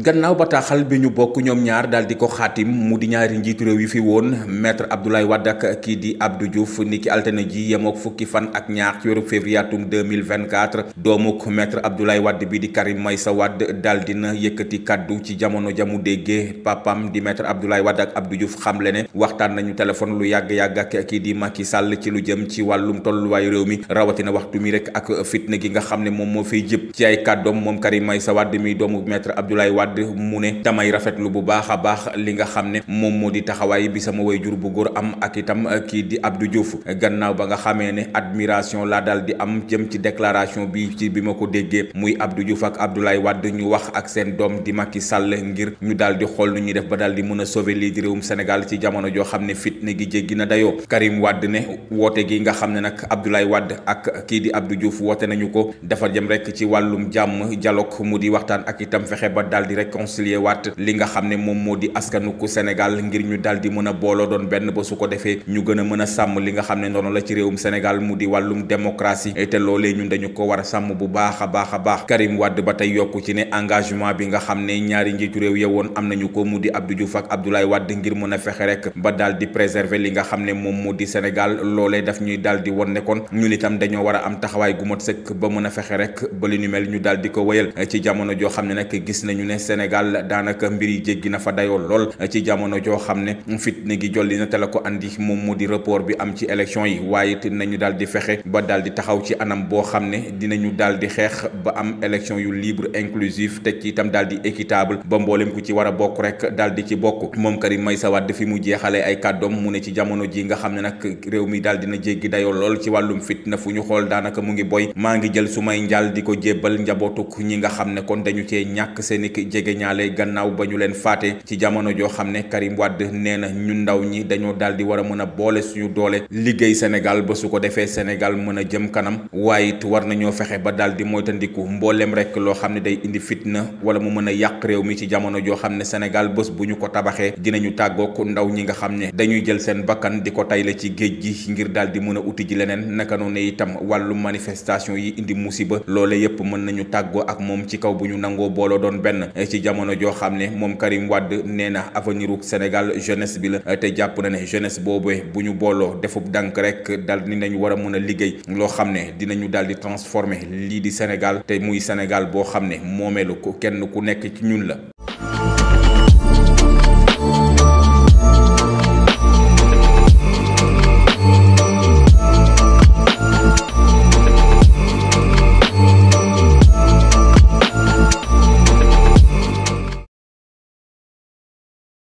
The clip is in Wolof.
gannaaw taxal bi ñu bokk ñoom ñaar dal di ko xaatim mu di ñaari njiitu réew yi fi woon maître Abdoulaye Wadak kii di Abdou Diouf ni ki altine ji fukki fan ak ñaar ci weeru février 2024 doomuk maître Abdoulaye Wade bi di Karim Wad dal dal dina yëkkati kaddu ci jamono jamu déggee papam di maître Abdoulaye Wadak ak Abdou Diouf xamle ne waxtaan nañu téléphone lu yàgg-yàgg ak kii di Macky Sall ci lu jëm ci wàllum tolluwaayu réew mi rawatina waxtu mi rek ak fitna gi nga xam ne moom moo jëp ci ay kàddoom moom Karim Meïssa Wade mi doomu maître Abdoulaye Wade mune ne damay rafetlu bu baakha baax li nga xamne mom modi taxaway di bi sama wayjur bu gor am ak itam eh, ki di Abdou Diouf gannaaw ba nga xamé ne admiration la dal di am jëm ci déclaration bi ci bima ko déggé muy Abdou Diouf ak Abdoulaye wad ñu wax ak sen dom di Macky Sall ngir ñu dal di xol ñu def ba dal di mëna sauver li réewum Sénégal ci jamono jo xamné fitna gi jéggi na Karim Wad né woté gi nga xamné nak Abdoulaye ak ki di Abdou Diouf woté nañu ko dafa jëm rek ci walum jàmm dialogue mu di waxtaan ak itam fexé ba dal di réconcilier wat li nga xamne mom modi askanu ku Sénégal ngir ñu daldi mëna bolo doon benn ba su ko defé ñu gëna mëna sam li nga xamne noonu la ci réewum Sénégal mudi walum démocratie et té lolé ñun dañu ko wara sam bu baaxa baaxa baax Karim wad ba tay yokku ci né engagement bi nga xamne ñaari njiitu réew yewon ya woon am ko mudi Abdou Diouf ak Abdoulaye wad ngir mëna fexé rek ba daldi préserver li nga xamne mom modi di Sénégal lolé daf ñuy daldi won né kon ñun itam dañu wara am taxaway gu mot sekk ba mëna fexé rek ba li ñu mel ñu daldi ko wëyel ci jamono jo xamne nak gis nañu né Sénégal daanaka mbir yi jéggi na fa dayoo lool ci jamono joo xam ne fitna gi jolli na te la ko indi moom mu di report bi am ci élection yi waaye it nañu daal di fexe ba daal di taxaw ci anam boo xam ne dinañu daal di xeex ba am élection yu libre inclusive te ci itam daal di équitable ba mboolem ku ci war a bokk rek daal di ci bokk moom Karim Meïssa Wade fi mu jeexale ay kàddoom mu ne ci jamono ji nga xam ne nag réew mi daal dina jéggi dayoo lool ci wàllum fitna fu ñu xool daanaka mu ngi boy maa ngi jël su may njaal di ko jébbal njabootuk ñi nga xam ne kon dañu ñàkk seen jege ñaale gannaaw ba ñu leen faate ci jamono joo xam ne Karim Wade nee na ñun ndaw ñi dañoo daal di war a mën a boole suñu doole liggéey Sénégal ba su ko defee Sénégal mën a jëm kanam waaye it war nañoo fexe ba daal di moytandiku mbooleem rek loo xam ne day indi fitna wala mu mën a yàq réew mi ci jamono joo xam ne Sénégal bés bu ñu ko tabaxee dinañu tàggook ndaw ñi nga xam ne dañuy jël seen bakkan di ko tayle ci géej gi ngir daal di mën a uti ji leneen naka noonu itam wàllu manifestation yi indi musiba loole yépp mën nañu tàggoo ak moom ci kaw bu ñu nangoo booloo doon ci jamono joo xam ne moom Karim Wade nee na avenir Sénégal jeunesse bi la te jàpp na ne jeunesse boobee bu ñu booloo defub dànk rek dal ni nañu war a mën a liggéey loo xam ne dinañu daal di transformer lii di Sénégal te muy Sénégal boo xam ne moomeelu ko kenn ku nekk ci ñun la